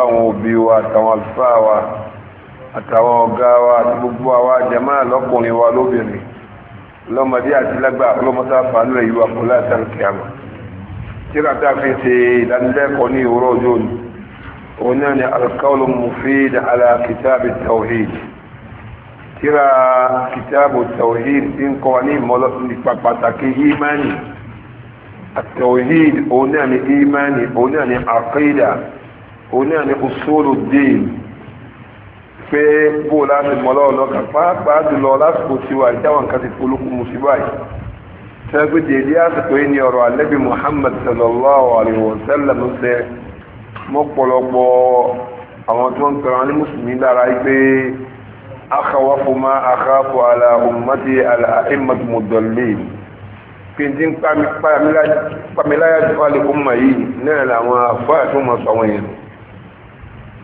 àwọn òbí wa àtàwọn àlùfáà wa àtàwọn ọ̀gá wa àti gbogbo àwa jàmáà lọ́kùnrin wa lóbìnrin lọ́mọdé àti lágbà ọlọ́mọdé àbálò ìlú àkọlá àtàlùkì àmà tíra tá a fi ṣe ìdánilẹ́kọ̀ọ́ ní ìwúrọ̀ ọjọ́ òní òun náà ni alqawl mufid ala kitab tawhid tíra kitab tawhid ti ń kọ́ ní ìmọ̀lọ́ nípa pàtàkì ìmánì àtawhid òun náà ni ìmánì òun náà ni àkídà òun náà ni usulu dín pé bó láti mọ́lọ́ ọlọ́kà pàápàá jùlọ lásìkò tí wà ìjáwọn nǹkan ti polúkú mu sí báyìí sẹ́gbẹ́ dèdé àsìkò yìí ni ọ̀rọ̀ alẹ́bí Muhammad sallallahu alayhi wa sallam ń sẹ́ mọ́pọ̀lọpọ̀ àwọn tó ń pẹ̀rọ ní mùsùlùmí lára pé akhawafu ma akhafu ala ummati al-a'immat mudallin pèntì ń pàmìláyà jù wà lè kó mọ̀ yìí náà làwọn afọ́ àti wọn sọ àwọn èèyàn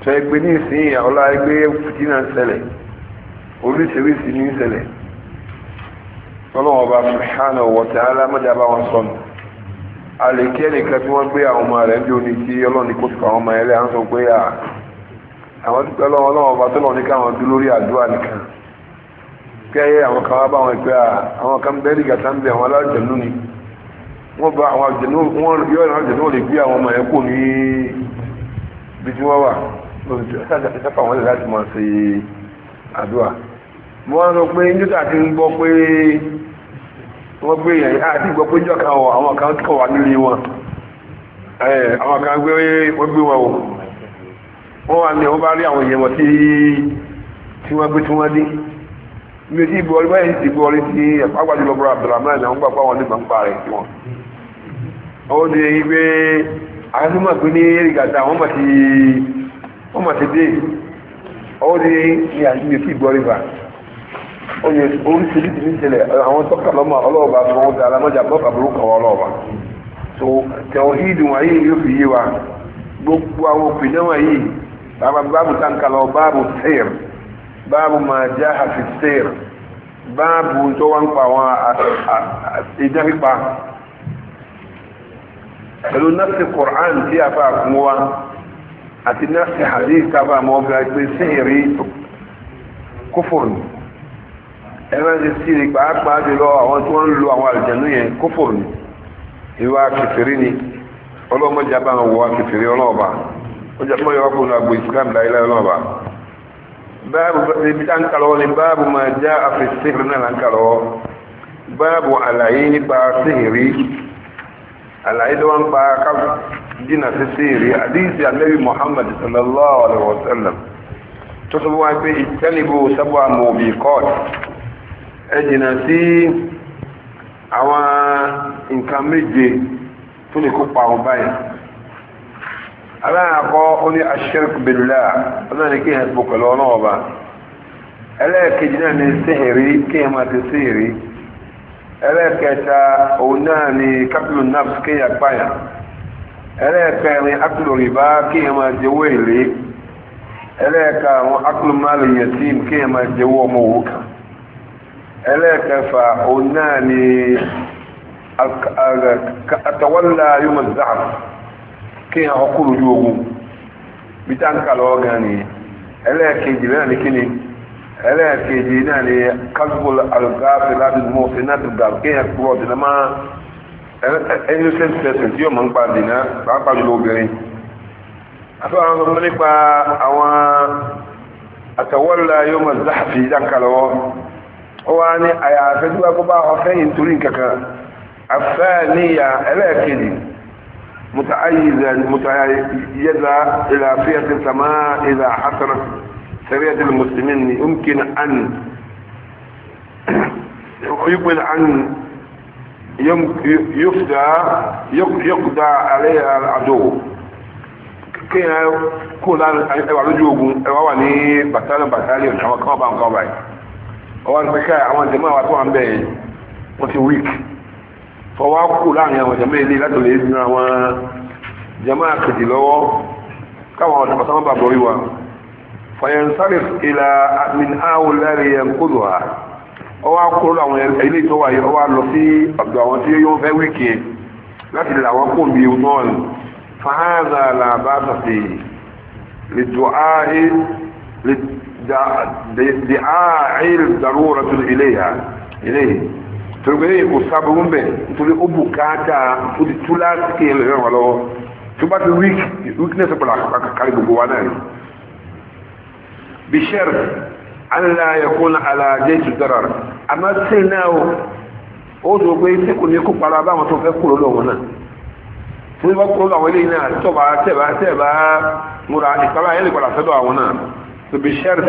sọ ẹgbẹ́ ní ìsìn ọlá ẹgbẹ́ fìtínà ṣẹlẹ̀ oríṣiríṣi ní ṣẹlẹ̀ ọlọ́wọ́ba subhanahu wa ta'ala mọ́jábá wọn sọnù àlèkẹ́ nìkan tí wọ́n gbé àwọn ọmọ rẹ̀ ń jò ní tí ọlọ́ni kó tukọ̀ àwọn ọmọ ẹlẹ́ à ń sọ pé à àwọn dúpẹ́ lọ́wọ́ ọlọ́wọ́ba tó lọ́ọ́ ní káwọn dú lórí àdúrà nìkan kẹ́yẹ àwọn kan wá bá wọn pé àwọn kan bẹ́ẹ̀ ní gàtá ń bẹ àwọn alájẹ̀nú ni wọ́n bá àwọn àjẹ̀nú wọn yọ àwọn àjẹ̀nú lè gbé àwọn ọmọ ẹ̀ ní ibi tí wọ́n wà sáfà wọn lè láti máa ṣe àdúrà mo wá sọ pé nígbà tí ń gbọ́ pé wọ́n gbé yẹn àti gbọ́ pé níjọ́ kan àwọn kan kọ̀ wá nílé wọn àwọn kan gbé wọ́n gbé wọn o wọ́n wà ní ọba rí àwọn èèyàn tí tí wọ́n gbé tí wọ́n dé mi ò tí ì bọ́ọ̀lì báyìí ti bọ́ọ̀lì tí àgbàjọ lọ́bọ̀rọ̀ Abdulrahman náà ń gbà pàwọn nígbà ń pa rẹ̀ sí wọn ó di pé àwọn tó wọ́n mà ti dé ọwọ́ di ní àyíyẹ sí ìgbọ́ rìbà oye oríṣiríṣi ní ìṣẹ̀lẹ̀ àwọn tọ́ka lọ́mọ ọlọ́ọ̀bà fún wọn dára mọ́jà bọ́ọ̀kà burúkú àwọn ọlọ́ọ̀bà so tẹ̀wọ́ hídùn wáyé yóò fi yé wa gbogbo àwọn òpin náà wáyé bàbá báàbù táǹkà lọ báàbù sèr báàbù máa já àfi sèr báàbù tó wá ń pa àwọn ìdán pípa pẹ̀lú náà a fà kún wa àti nọ́ọ̀sì hadith tábà mọ́ ọgbà pé sẹ́ẹ̀rí kófòrò ẹgbẹ́ ti sí ní pàápàá jùlọ àwọn tí wọ́n ń lo àwọn àlùjànnú yẹn kófòrò ìwà kẹfìrí ni ọlọ́mọdé bá wọn wọ kẹfìrí ọlọ́ọ̀bà ó jẹ́ pọ́n yọ ọkùnrin náà gbé Islam ọlọ́ọ̀bà báàbù ibi tá ń kàlọ́ ni báàbù máa já àfi sẹ́ẹ̀rí náà ń kàlọ́ báàbù àlàyé nípa sẹ́ẹ̀rí àlàyé ló wá pa jìnnà sí sírí àdíìsì ànábì muhammad sallallahu alaihi wa sallam tó sọ wá pé ìtẹ́lẹ̀bù sábà mọ̀bì court ẹ jìnnà sí àwọn nǹkan méje tó lè kópa àwọn báyìí aláàkọ́ ó ní aṣẹ́rìkù billah ọlọ́run kí ẹ̀ bọ̀ pẹ̀lú ọlọ́ọ̀ba ẹlẹ́ẹ̀kejì náà ní síhìrí kí ti síhìrí ẹlẹ́ẹ̀kẹta òun náà ní kápẹ́lú náà kí ẹ̀ pààyàn ẹlẹ́ẹ̀kẹrin akùlù rìbá kí ẹ máa jẹwọ́ èlé ẹlẹ́ẹ̀ka àwọn akùlù máàlì yatim kí ẹ máa jẹwọ́ ọmọ òwú kan ẹlẹ́ẹ̀kẹfà òun náà ni àtàwọ́lá yóò zahab kí ẹ ọkùlù ju ogun bí táǹkà lọ́wọ́ gan ni ẹlẹ́ẹ̀kejì náà ni kíni ẹlẹ́ẹ̀kejì náà ni kásùkò alùgáfẹ́ láti mọ̀ sí náà ti gbà kí ẹ kúrọ̀ dì innocent person tí yóò mọ̀ nípa dìnnà pàápàá jùlọ obìnrin àfihàn àwọn ọmọ nípa àwọn àtàwọ́lá yóò mọ̀ záàfì dákàlọ́wọ́ ó wá ní àyàfẹ́ tí wọ́n bá ọ̀fẹ́ yìí torí kankan afẹ́ níyà ẹlẹ́ẹ̀kejì متعيزا متعيزا الى فئة المسلمين يمكن ان يمكن ان يقضى يقضى عليها العدو kí ẹ kó lára ẹwà lójú ogun ẹwà wà ní bàtàlẹ̀ bàtàlẹ̀ àwọn kan bá nǹkan báyìí ọwọ́ ní pẹ́ká àwọn jẹ́mọ́ àwọn tó wà ń bẹ̀ wọ́n ti wík fọwọ́ kú láàrin àwọn jẹ́mọ́ ilé látò lè dín àwọn jẹ́mọ́ àkejì lọ́wọ́ káwọn ọ̀dọ́ bàtà wọn bàbọ̀ wíwá fọyẹn sáré ìlà min áwùlẹ́rì yẹn kó lù wá ọwọ́ akóró àwọn ilé tó wà yìí ọwọ́ lọ sí ọ̀dọ̀ àwọn tí yóò fẹ́ wíìkì yẹn láti lè àwọn kò bí ọmọ rẹ̀ fàáza làbá tàfẹ́ lè dàrú rẹ̀ tó ilé yà ilé torí pé kò sábẹ́wọ́n bẹ̀ nítorí ó bù káàtà ó ti tú láti kí ẹ lè lọ́wọ́ tó bá ti wíìkì wíìkì náà sọ pẹ̀lú àkàkárí gbogbo wa náà bí allah yakuna ala jaytu darar ama sina o o do pe se ko ni ko para ba wọn tó fẹ́ kúrò lọ wọn náà tí ba kúrò lọ wọn ni na tó bá te ba te ba múra ni para ele para se do àwọn náà to bi shart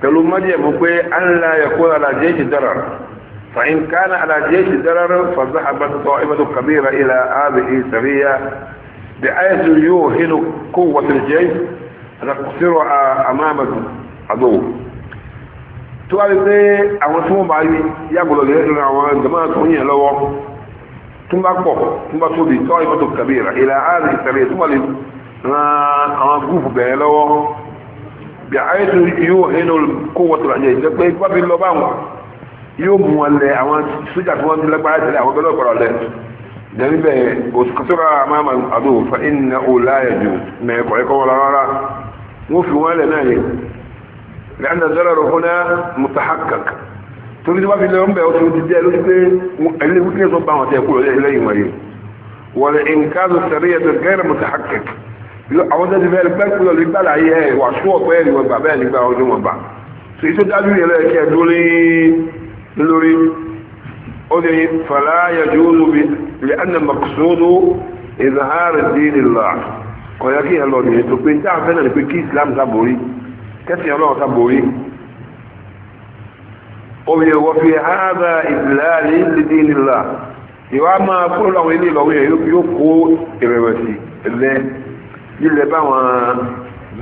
pẹ̀lú maje mo pe allah yakuna ala jaytu darar fa in kana ala jaytu fa dhahabat ta'ibatu kabira ila hadhihi sabiya bi ayatu yuhinu quwwat al-jaysh ana qasira amama adu tó wáyé pé àwọn tí wọ́n bá yí yàgbọ́dọ̀ lè rìn àwọn jama tó ń yẹn lọwọ tó ń bá pọ̀ tó tóbi tó wáyé pọ̀tò kàbí rà ìlà àárín ìtàlẹ̀ tó wà àwọn gúúpù bẹ̀rẹ̀ lọ́wọ́ bí ayé tó yóò hẹ́nu kó pé lọ yóò mú wọn lẹ àwọn sójà ti àwọn àdó òláyà jù wọn rárá fi náà لأن الضرر هنا متحقق تريد ما في اليوم بيو تريد دي لو تي اللي هو كده صبا وتي يقول اليه ما والانكاز السريه غير متحقق àwọn tẹ́tí fẹ́ pẹ́ kúrò lè gbàlá yẹ ẹ̀ wà ṣú ọ̀pẹ́ ẹ̀rì wọn gbà bẹ́ẹ̀ nígbà ọdún wọn bá so iṣẹ́ dájú yẹn lẹ́yìn kí ẹ dún ní lórí ó ní fàlá yẹjú lóbi lè ẹnà mọ̀kúsódó ìzàhárì dín nílà kọ̀yà kí ẹ lọ nìyẹn tó pé ní táwọn fẹ́ náà ní pé kí Islam sábòrí kẹsì ọlọ́run ká borí omi ẹ̀wọ́ fi hádà ìdìláàrí lídí nílá ìwà máa kúrò láwọn ilé ìlọ́wọ́ yẹn yóò kó ìrẹ̀wẹ̀sì ẹ̀lẹ́ ilẹ̀ báwọn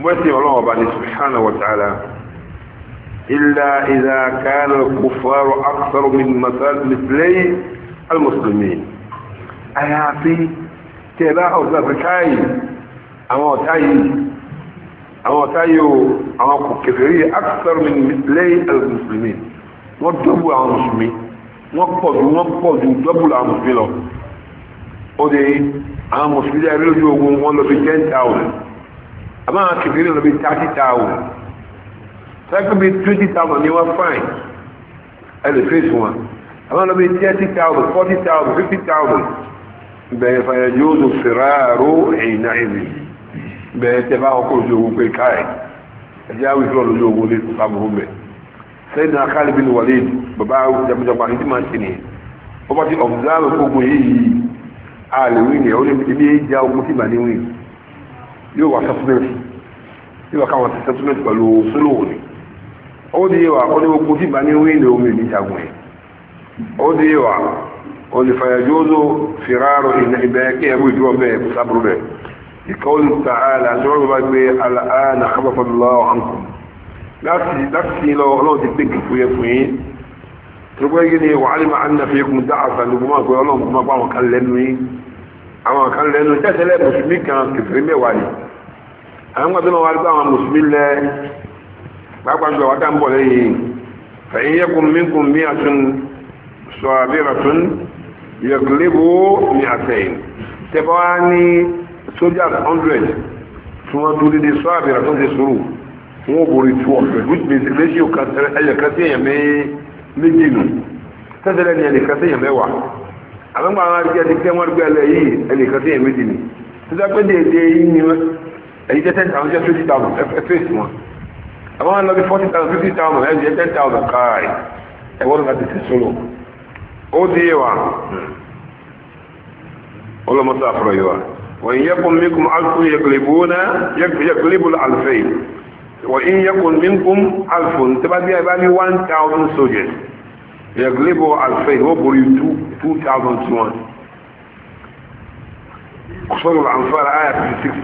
mọ́sí ọlọ́run ọba ní subhanahu wa ta'ala illa idha kana al-kuffaru akthar min masal àwọn ọ̀tá yóò àwọn kò kèfèrí akthar min lẹ́yìn al-muslimi wọ́n dọ́bù àwọn mùsùlùmí wọ́n pọ̀ ju wọ́n pọ̀ ju dọ́bù àwọn mùsùlùmí lọ ó de àwọn mùsùlùmí ẹ̀rí lójú ogun wọn lọ bí ten thousand àmọ́ àwọn kèfèrí lọ bí thirty thousand sẹ́kùn bí twenty thousand ni wọ́n fine ẹ lè fèsì wọn àwọn lọ bí thirty thousand forty thousand fifty thousand bẹ̀rẹ̀ fàyẹ̀ yóò do fìrààrò ẹ̀yìn náà ẹ̀yìn bẹ́ẹ̀ tẹ bá ọkọ̀ ojú ogun pé káẹ̀ ẹ̀jẹ̀ àwọn ìṣòro ojú ogun lè sọ́kà burú bẹ̀ sẹ́yìn náà Khalid bin Walid bàbá jẹmọjọba ní tí máa ń ṣe nìyẹn ó bá ti ọ̀bùdáàbò gbogbo yìí a lè wí ni ó ní ibi ìjà ogun tí mà ní wí yóò wá sẹ́túmẹ̀tì yóò wá káwọn sẹ́túmẹ̀tì pẹ̀lú sólòwò ni ó di yẹ ó ní gbogbo tí mà ní wí ni omi ní ìjagun yẹn ó di yẹ ó ní fàyàjóso fìràrò ìbẹ́ kí ẹ لقوله تعالى عندما بقى الآن خفف الله عنكم نفسي نفسي لو الله تبكي في فين تقول يجي وعلم أن فيكم ضعفا لكم أقول الله ما بقى كان لنوي أما كان لنوي تسلا مسلمين كان كفرين بوالي أما بنا والبا أما مسلمين لا بقى عند وادم بولي فإن يكن منكم مئة صابرة يغلبوا مئتين تبعني soldiers hundred tí wọ́n tó dédé sọ àbẹ̀rẹ̀ tó ń ṣe sùúrù wọ́n ò borí two hundred which means ratio ẹ̀yẹ̀kan sí èèyàn méjì nù tẹ́tẹ́lẹ̀ ni ẹnìkan sí èèyàn mẹ́wàá àbẹ̀mọ́ àwọn àti ẹni tẹ́ wọ́n gbẹ́lẹ̀ yìí ẹnìkan sí èèyàn méjì nì títà pé déédé yìí ni ẹ̀yí jẹ́ ten thousand jẹ́ fifty thousand ẹ fèsì wọn àwọn àlọ́ forty thousand fifty thousand ẹ̀ jẹ́ ten thousand káàì ẹ̀wọ́n láti ṣe solo ó di yẹ wa ọlọ́mọ وإن يكن منكم ألف يقلبون يقلب الألفين وإن يكن منكم ألف تبقى يبقى 1000 soldiers يقلب ألفين وبري 2200 سورة الأنفال آية 60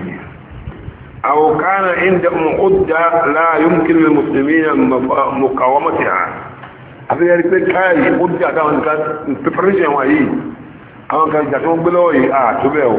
أو كان عندهم عدة لا يمكن للمسلمين مقاومتها àti ẹni pé káyì ó dí àtàwọn nǹkan preparation wáyé àwọn nǹkan ìjà tó ń gbé lọ́wọ́ yìí àtúbẹ̀ ò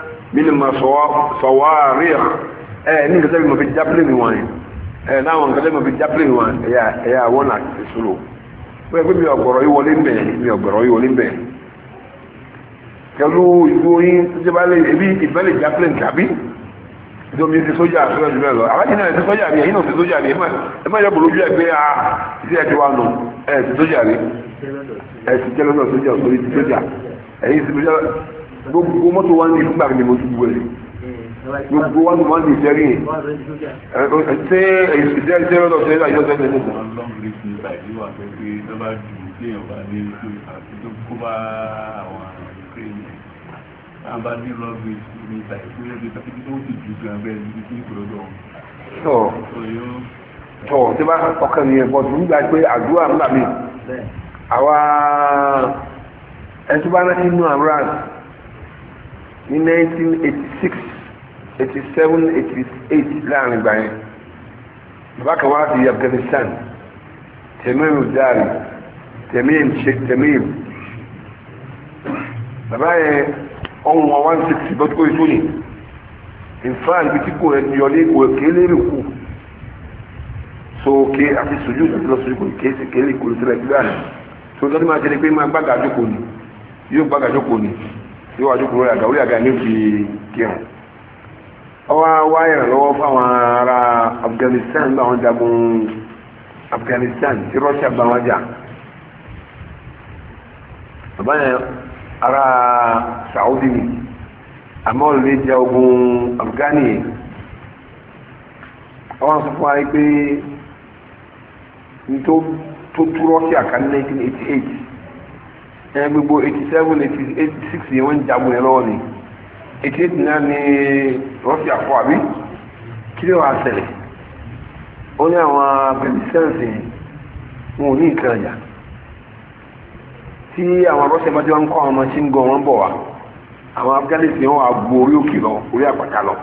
nínú ma fọwárí ẹ ní nǹkan tẹ́lẹ̀ mo fi jápẹ́lẹ̀ mi wọ̀nyí ẹ náwọn nǹkan tẹ́lẹ̀ mo fi jápẹ́lẹ̀ mi wọ̀nyí ẹ̀yà àwọn náà ti sòrò wọ́n yẹ pé mi ọ̀gbọ̀rọ̀ yìí wọlé ń bẹ̀ mi ọ̀gbọ̀rọ̀ yìí wọlé ń bẹ̀ kẹlu ìgbó yín tó jẹ́ bá lè ebi ìbẹ́lẹ̀ jápẹ́lẹ̀ tàbí ìdọ́mi ti sójà fẹ́rẹ́ jù mẹ́lọ aláàjì náà ti sójà mi ẹ̀yin náà ti sójà mi ẹ má yọ bòrò ojú ẹ pé a ti ẹ ti wà nù ẹ ti sójà mi ẹ ti jẹ́ lọ́dọ̀ sójà òsòrí ti sójà ẹ̀yin ti sójà gbogbo mọ́tò wá ní ìgbà ní mo dúró rẹ̀ gbogbo wá ní wọ́n ti sẹ́rí yẹn ṣé ìṣẹ́ ìṣẹ́ lọ́dọ̀ ṣe é àjọ sẹ́yìn lẹ́sẹ̀. tọ́ tọ́ tí bá ọkàn yẹn bọ̀ tó ń gbà pé àdúrà ńlá mi àwa ẹtú bá rántí nù àmúràn ní 1986 87 88 láàrin ìgbà yẹn bàbá kan Afghanistan Tamim Dari Tamim Sheikh Tamim bàbá yẹn ọ̀hún wọn wá ń ṣe ti bọ́tú kóyè sóyè nfaan bi tí kò rẹ ti yọlé kò kéèlé rè kú so ké àti sojú àti lọ sojú kò kéèsì kéèlé kò lè tẹ̀lé ìgbà rẹ̀ so lọ́dún máa tẹ̀lé pé máa gbàgàjò kò ní yóò gbàgàjò kò ní síwájú kúrò àga orí àga ní òfin kírun ọwọ́ wá ìrànlọ́wọ́ fáwọn ará Afghanistan báwọn jagun Afghanistan tí Russia bá wọn jà bàbá ará Saudi ni àmọ́ olùdí jẹ ogun Afghani ọwọ́ sọ fún wa pé tó tú Russia ká ní 1988 ẹ gbogbo eighty seven eighty eight six yẹn wọ́n ń jagun yẹn lọ́wọ́ ni eighty eight náà ni Russia fọ́ àbí kí ló wàá ṣẹlẹ̀ ó ní àwọn bẹ̀rẹ̀sẹ̀nsì wọn ò ní nǹkan ọjà tí àwọn Russia bá ti wọn kọ́ àwọn machine gun wọn bọ̀ wá àwọn Afghanistan wọn wà gbó orí òkè lọ orí àpàtà lọ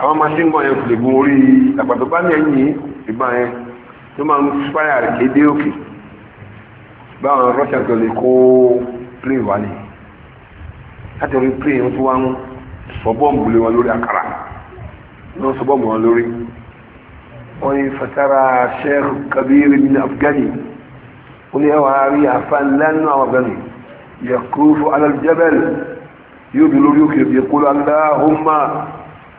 àwọn machine gun yẹn kò lè gun orí àpàtà bá ní ẹ̀yìn ìbá yẹn tó máa ń fáyà kéde òkè. Okay báwọn Russia tó lè kó plane wálé láti orí plane wọn tó wá ń sọ bọ́ǹbù lé wọn lórí àkàrà wọn sọ bọ́ǹbù wọn lórí wọn ni fatara Sheikh Kabir bin Afghani wọn ni ẹwà rí àfa àwọn Afghani yakufu alaljabal yóò bí lórí òkè bí kúlọ̀ Allahumma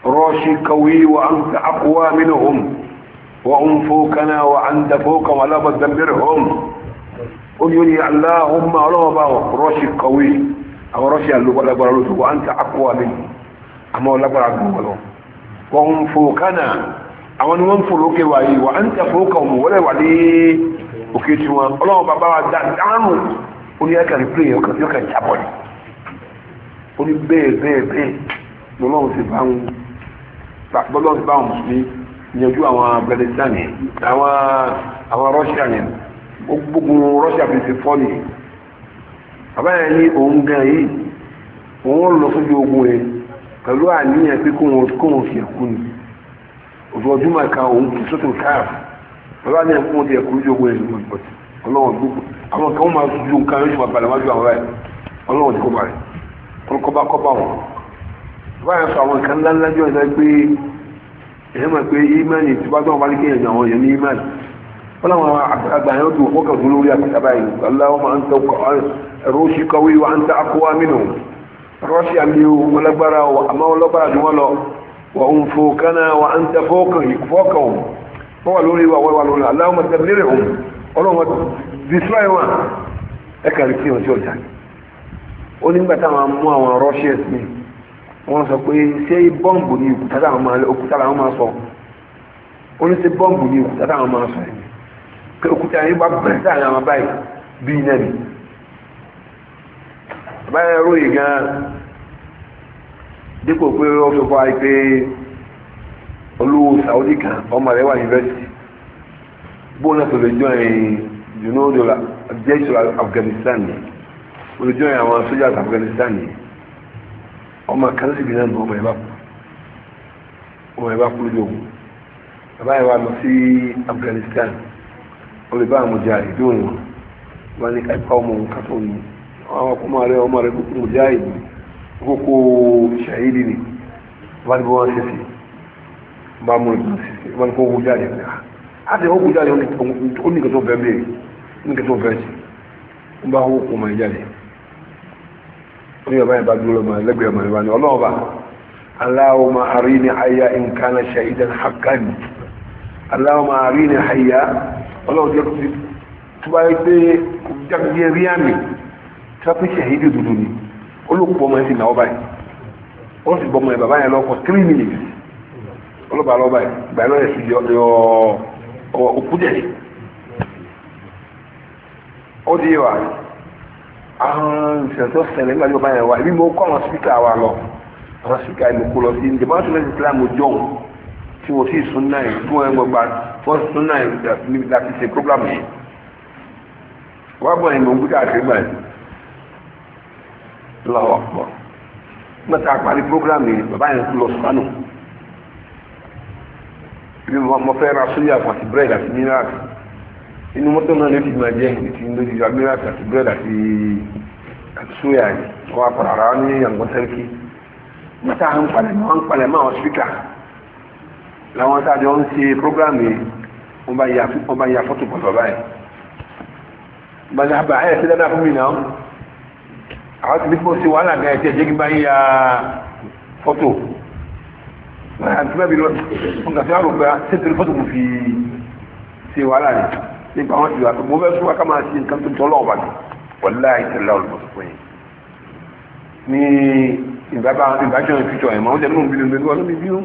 راشي قوي وأنت أقوى منهم وهم فوقنا وأنت فوقهم ولا مدمرهم قل اللهم علوما رشي قوي أو رشي اللغة لقبر لوتو وأنت أقوى مني أما لقبر لوتو وهم فوقنا أو أن هم فوقك وعي وأنت فوقهم ولا وعلي وكيتوا اللهم بابا دعموا قل يا كان بلاي يا كان جابوني قل بيه بيه بيه لولو سبحان لولو سبحان مسلمين يجوا أوا بلدان أوا أوا روسيا gbogbo russia fi ti fọ́ nìyí àbáyé ní òun gan yìí òun lọ sójú ogun yẹn pẹ̀lú àníyàn pé kóhun kóhun fi ẹ̀kú ni ojoojúmọ̀ kan òun kì í sọ́tò káàfù pẹ̀lú àníyàn kóhun ti ẹ̀kú lójú ogun yẹn ló gbọ́ ọlọ́wọ́n gbogbo àwọn kan máa ju nǹkan yóò máa balẹ̀ wájú àwọn ẹ̀ ọlọ́wọ́n ti kó balẹ̀ kọ́ba kọ́ba wọn báyìí sọ àwọn nǹkan ńláńlá jọ ìdá pé èèyàn mọ̀ pé ìmánì tí wọ́n bá ní kéèyàn àwọn èèyàn ní ìmánì فلما أبعناته وقت ظلوا لها من أبائهم اللهم أنت روشي قوي وأنت أقوى منهم روشي أمليو ولبرا وأما ولبرا جمالا وهم فوقنا وأنت فوقهم فوقهم فولوا لي وولوا لي اللهم تبلرهم اللهم ديسرائيوا ẹka rí tí wọ́n tí ó jà ní ó wọ́n sọ pé ṣé bọ́ǹbù ní òkúta táwọn máa sọ ó ní ṣé ní òkúta táwọn máa sọ ẹ̀mí òkúta yìí bá bẹ̀rẹ̀ sáàrin àwọn báyìí bí iná ni báyìí ẹ̀rọ yìí gan dípò pé ó sọ fún àìpé olówó Saudi kan ọmọ rẹ̀ wà yunifásitì bóun náà sọ̀rọ̀ ìjọ ẹ̀yìn junodo jẹ́sọ̀ Afghanistan ni olùjọ́ ẹ̀yìn àwọn sójà Afghanistan ni ọmọ kan sì bí náà ọmọ ẹ̀ bá kú ọmọ ẹ̀ bá kú lójú òun bàbá yẹn wà lọ sí Afghanistan ó lè bá àwọn mujahidun wọn wọn ní kápá ọmọ òun kátó ni àwọn ọkọ máa rẹ ọmọ rẹ kókó mujahidun kókó ṣàyídì ni wọn ní bí wọn ṣe sí bá mú ìgbà sí sí wọn ní kó wújà rẹ ní a ti wọ́n wújà dúró lọ́mọ ẹlẹ́gbẹ̀ẹ́ ọmọ ìwà ni ọlọ́ọ̀bà اللهم أريني حيا إن كان شهيدا حقا اللهم أريني حيا ọlọ́run jẹ́ kùsí tó bá yẹ pé jáde rí àmì tírápìsì ẹ̀yìn dè dúdú ni olóòpọ̀ ọmọ ẹ̀sìn náà báyìí ó sì bọ́ ọmọ ẹ̀ bàbá yẹn lọ́kọ̀ three minutes ọlọ́ba lọ́ba yìí gbà lọ́yẹ̀ sí yọ òkú jẹ̀lẹ̀ ó di wa àwọn ìṣẹ̀tọ́ ṣẹlẹ̀ nígbà tí ọba yẹn wà ibi mo kọ́ àwọn sípíkà wa lọ àwọn sípíkà ìlú kó lọ sí ìjọba tó lẹ́sìn Islam jọ̀hún tí wọ́n sì súnà yìí tí wọ́n gbọ́gba wọ́n súnà yìí láti ṣe program yìí wọ́n bọ̀ ìmọ̀ gbúdọ̀ àti gbà yìí lọ́wọ́ pọ̀ mọ́ta parí program yìí bàbá yẹn lọ sánù bí mo fẹ́ ra sóyà àti bírèdì àti mírààtì inú mọ́tò náà ló ti máa jẹ́ ìdí tí ló ti ra mírààtì àti bírèdì àti sóyà yìí wọ́n apàrà ara ní àgbọ̀ntẹ́rìkì mọ́ta à ń palẹ̀ mọ́ ń palẹ̀ mọ́ àwọn spíkà làwọn tájọ ń ṣe prógrámì wọn bá ya fọ́tò pọ̀ bàbá yìí bàbá àbá ẹ̀ ṣe dáadáa fún mi náà àwọn ti ní kó ṣe wàhálà gan ẹ̀tí ẹ̀jẹ̀ kí bá ń ya fọ́tò àti bẹ́ẹ̀ bí lọ wọn kà sí àrò pé ṣètìlú fọ́tò kò fi ṣe wàhálà rẹ̀ nípa àwọn ìwà tó gbọ́dọ̀ súnmọ́ ká máa ṣe nǹkan tó tọ́lọ̀ ọ̀bà wọ́n láì tẹ̀lé ọ̀rọ̀ lọ́sọ̀kọ́ yẹn ní ìbájọ́ ìfìtọ̀ ẹ̀mọ́ ó jẹ́ nínú bínú bínú ọlọ́mí bínú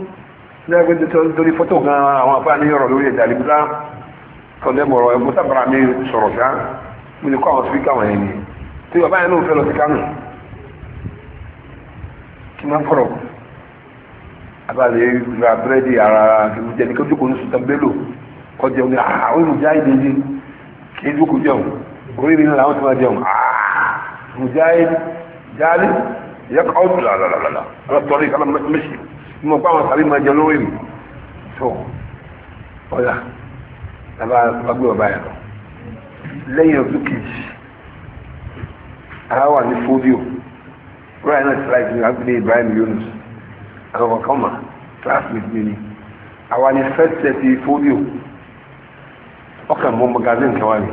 ní agbẹ́dẹ́ tó ń torí fọ́tò gan àwọn afẹ́ àníyànrọ̀ lórí ẹ̀dà àlìbílá kọ̀ndẹ́mọ̀rọ̀ ẹ̀mú sábàrà mi sọ̀rọ̀ sá mo lè kọ́ àwọn sípíkà wọn ẹni tí bàbá yẹn náà fẹ́ lọ sí kánò kí máa fọ̀rọ̀ abalẹ̀ ra búrẹ́dì ara jẹ́ ní kójú kò ní sùtàn bélò kọjá ní àwọn olùjá ìdíje kí ojú kò jẹun oríire ní làwọn ti máa jẹun olùjá ìdíje jáde yẹ kọ́ ọ̀dùn làlàlàlà ọ̀tọ́rí kálá mẹ́sì mọ̀ pé àwọn sàbí máa jẹ lówó èrè tó ọ̀la bàbá gbé bàbá yẹn lọ lẹ́yìn ọdún kejì ara wà ní fódíò rẹ̀ náà ti láì fún agbègbè Ibrahim Yunus àwọn ọ̀kan mà classmate mi ni àwa ni first set fódíò ọkàn mọ́ magazine kan wà ní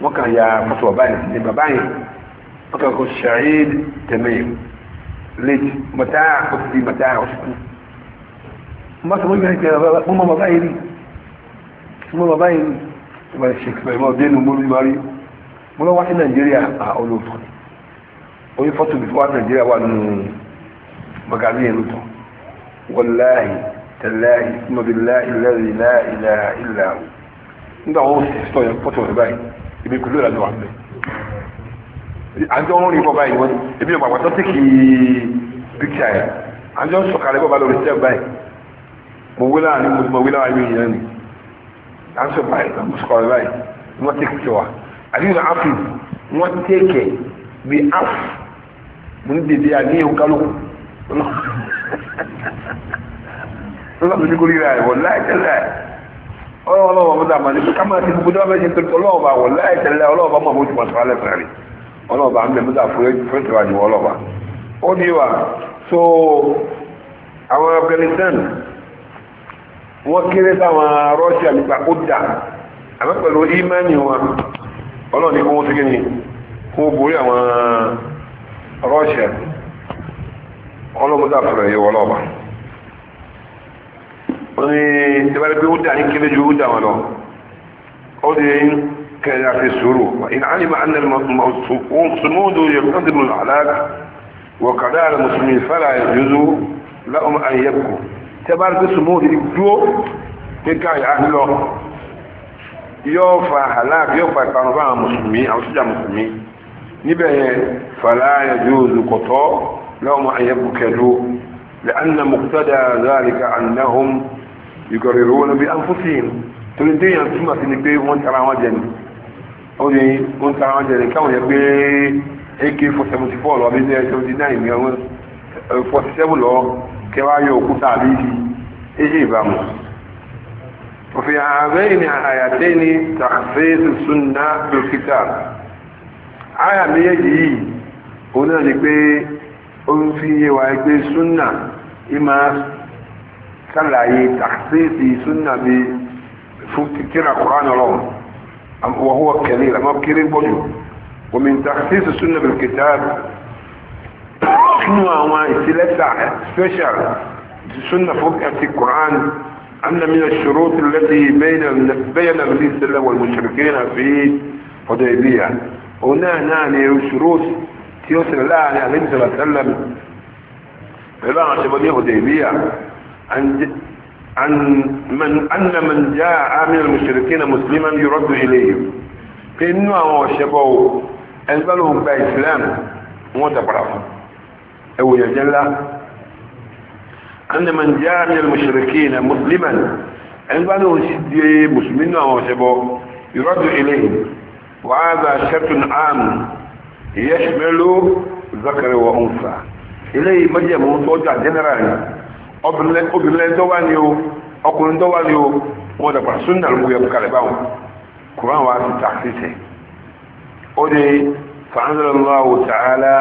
wọ́n kàn ya fọ́tò bàbá yẹn ní bàbá yẹn wọ́n kàn kó ṣàyẹ́ tẹ̀mẹ́yìn late mọ̀táà ó ti di mọ̀táà ó ti kú mo sọ mọ́jú ẹ̀kẹ́ mo mọ bàbá yìí rí mo bàbá yìí rí mo bá ṣe pẹ̀lú ọmọ dénú mo rí wárí mo lọ wá sí nàìjíríà olóòtú oyin fọ́tò bí wá nàìjíríà wà nínú magazine yẹn lóòtọ́ wọláhì tẹ̀láhì mọ̀bíláhì lẹ́rìí láìláà ìlà nígbà wọn sì sọ yẹn fọ́tò ibi kò lóòrà lọ́wọ́ àjọ ń rìn bọ̀ báyìí wọ́n ebi ọ̀pọ̀ àpàtọ́ tí kì í píkṣà ẹ̀ àjọ ń sọ̀kalẹ̀ bọ̀ bá lórí step báyìí mo wí láàrin mo wí láàrin yìí ni à ń sọ báyìí mo sọ̀kalẹ̀ báyìí wọ́n tẹ̀ kìí wa àdéhùn àfi wọ́n tẹ̀ kẹ̀ bí af mo ní dèdè àdéhùn kálukú lọ́wọ́ ní kórìíra ẹ̀ wọ̀ láì tẹ́lẹ̀ ọlọ́wọ́ ọlọ́wọ́ mo ní ká máa ti gbogbo dábàá ṣe ń tẹ̀lé bá wọ̀ láì ọlọ́wọ́ bá mọ̀ mo ti mọ̀ sọ̀kalẹ̀ sọ̀rọ̀ ọlọ́ọ̀bá ń bẹ̀ mọ́tà fúrẹ́tì wájú ọlọ́ọ̀bá ó ní wà so àwọn Afghanistan wọ́n kéré táwọn Russia nípa ó dà àmọ́ pẹ̀lú ìmánì wọn ọlọ́ọ̀ni kó wọ́n ti kí ni kó borí àwọn Russia ọlọ́mọdé àfẹ́rẹ́ yẹ wọlọ́ọ̀bá wọ́n ní ìbára pé ó dà ní kéré ju ó dà wọn lọ ó di كان في السروق وإن علم أن المصمود يقدم العلاج وقضاء المسلمين فلا يجوز لهم أن يبكوا تبارك الصمود يبدو كيكا يأهله يوفى هلاك يوفى كانوا مسلمين أو سجى مسلمين نبه فلا يجوز قطاع لهم أن يبكوا لأن مقتدى ذلك أنهم يقررون بأنفسهم تلدين ثم تنبيه وانترى وجنه ó ní ó ń tara wọn jẹ káwọn yẹn gbé ak four seventy four lọ bí ní seventy nine ní ọwọ́ forty seven lọ kẹwàá yọ òkúta àbí èyí ìbámu. وفي هذين آيتين تخصيص السنة بالكتاب آية ميجي هنا لكي أنفي ويكي سنة إما سلعي تخصيص سنة بفكتير القرآن الله وهو كبير أما بكليل بوليو ومن تخصيص السنة بالكتاب شنو هو سلسة سبيشال السنة فوق القرآن أن من الشروط التي بين بين النبي صلى الله عليه وسلم والمشركين في حديبية هنا نعني شروط تيوصل الله عليه الصلاة صلى الله عليه وسلم حديبية عن من أن من جاء من المشركين مسلما يرد إليهم كأنه هو شبه أنزلهم بإسلام متبرف أو يجل أن من جاء من المشركين مسلما أنزله شدي مسلمين هو شبه يرد إليهم وهذا شرط عام يشمل ذكر وأنثى إليه مجموع توجع جنرالي obìnrin tó wà ní o ọkùnrin tó wà ní o wọ́n dàgbà súnà ló yẹ kálẹ̀ báwọn kuran wa ti tàkì tẹ̀ ó ní fàánzàlọ́wọ́ tààlà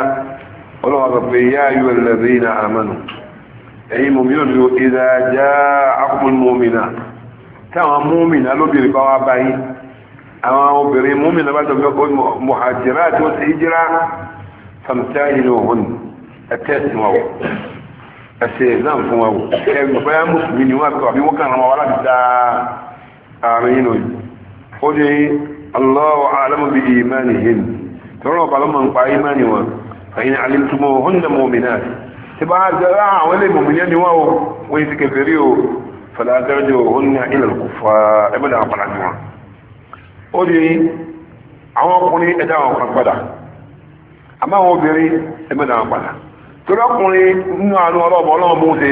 ọlọ́wọ́ pé yá ayú ẹlẹ́bí na àmánu ẹ̀yin mòmìnà ló ìdá já akùn mòmìnà táwọn mòmìnà lóbìnrin bá wá báyìí àwọn obìnrin mòmìnà bá tọ́jú mọ̀hàjìrá tó ti hijira famtáyìn òhun ẹ̀tẹ́sìn wọ́wọ́ ẹsẹ̀ exam fún wa wò ẹgbẹ̀ báyá mùsùlùmí ni wọ́n kọ́ àbí wọ́n kàn rán wa láti dá ààrin inú yìí ó dé Allahu a'lamu bi imanihim tọ́rọ ọ̀pá lọ́mọ ń pa imani wọn ẹ̀yìn alimtumọ̀ hunna mu'minat ah, ti bá jẹ́rá àwọn ilé torí ọkùnrin nínú àánú ọlọ́ọ̀bọ̀ ọlọ́ọ̀bọ̀ ó ti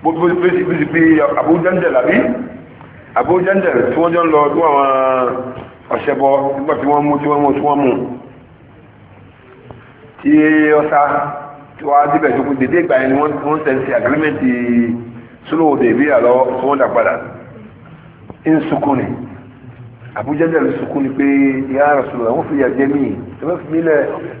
gbogbo ìpèsè bí abújẹ́ndẹ̀l àbí abújẹ́ndẹ̀l tí wọ́n jọ ń lọ ọdún àwọn ọ̀ṣẹ́bọ nígbà tí wọ́n mú tí wọ́n mú tí wọ́n mú tí ọ̀sá tí wọ́n á débẹ̀ tó kú dédé ìgbà yẹn ni wọ́n tẹ̀ sí agirímẹ́ǹtì sólówó dèbí àlọ́ tí wọ́n dà padà ń sunkún ni abújẹ́ndẹ̀l sunkún ni pé yàrá sùlọ̀ wọ́n fi yà jẹ́ mí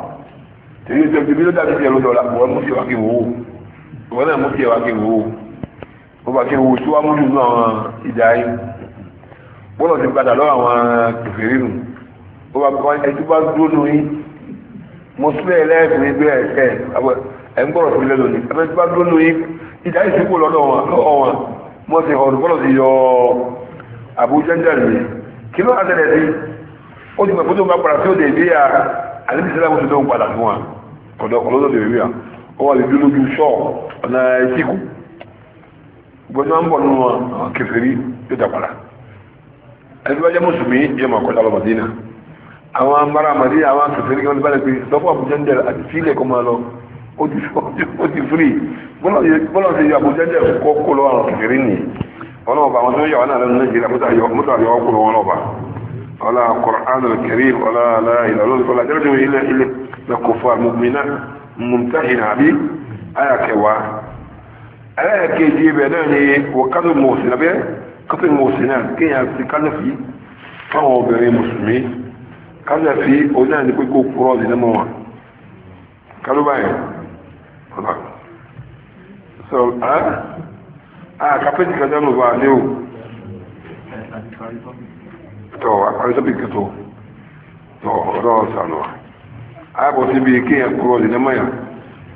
èyí tó ti bí ló dàbí ẹ̀rọ dọ̀la wọ́n mú kí wá kí wò ó wọ́n náà mú kí wá kí wò ó wọ́n bá kí wò ó tí wọ́n mú jù náà ìdá yìí wọ́n lọ sí padà lọ́wọ́ àwọn kẹfìrí nù wọ́n bá kọ́ ẹtú bá dúró nù yín mo sílẹ̀ ẹlẹ́ẹ̀kùn yín bẹ́ẹ̀ ẹ̀ ẹ̀ ń gbọ́dọ̀ sí lẹ́nu ni ẹtú bá dúró nù yín ìdá yìí sí kó lọ́dọ̀ wọn mo sì ọ̀dùn bọ́lọ̀ sí yọ Àbújá jáde kí ló ń àtẹ̀lẹ̀ sí ó ti mọ̀ bá padà sí òde ìbí àlébísẹ́lá mo ti dóhùn padà fún wa ọ̀dọ́kọ̀lọ́dọ̀ lè rí à ó wà lè dúró lójú ṣọ́ ọ̀nà ẹ̀sìnkú gbogbo náà ń bọ̀ nínú wọn kèfèrí yóò dàpàdà ẹni tó bá jẹ́ mùsùlùmí yóò máa kọjá lọ Madina àwọn amára Madina àwọn kèfèrí kan ti bá lè pe lọ́pọ̀ Abu Jandal àti sílẹ̀ kọ́ máa lọ ó ti fúri bọ́lá ti yọ Abu Jandal kọ́ kó lọ́wọ́ àwọn kèfèrí nìyí wọn náà bá wọn tó yà wọn náà lẹ́nu Nàìjíríà mọ́tò àyọ̀ ọkùnrin wọn náà bá ọlá Qur'an al نكفار مؤمنة ممتهنة عبي آية كوا آية كيجي بناني وقد الموسنة بي قد الموسنة كي يتكلم في فهو بني مسلمي قال في أولان يكون كفران لنموا قالوا باين خلاص so ah ah kapeti kaza mo ba leo to a kan sabi kato to ro sanwa ààbò síbi kéèyàn kúrò lè lẹ́mọ̀yàn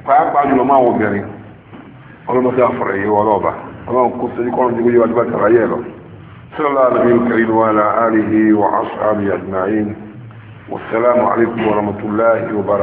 pàápàá jùlọ máa wọ obìnrin ọlọ́mọdé àfọ̀rẹ̀ yìí wọ́n lọ́ọ̀bà ọlọ́run kó sí kọ́run jígbó yíwájú bá tàrà yẹ lọ sọ́lá nàbí kẹrin wa la alihi wa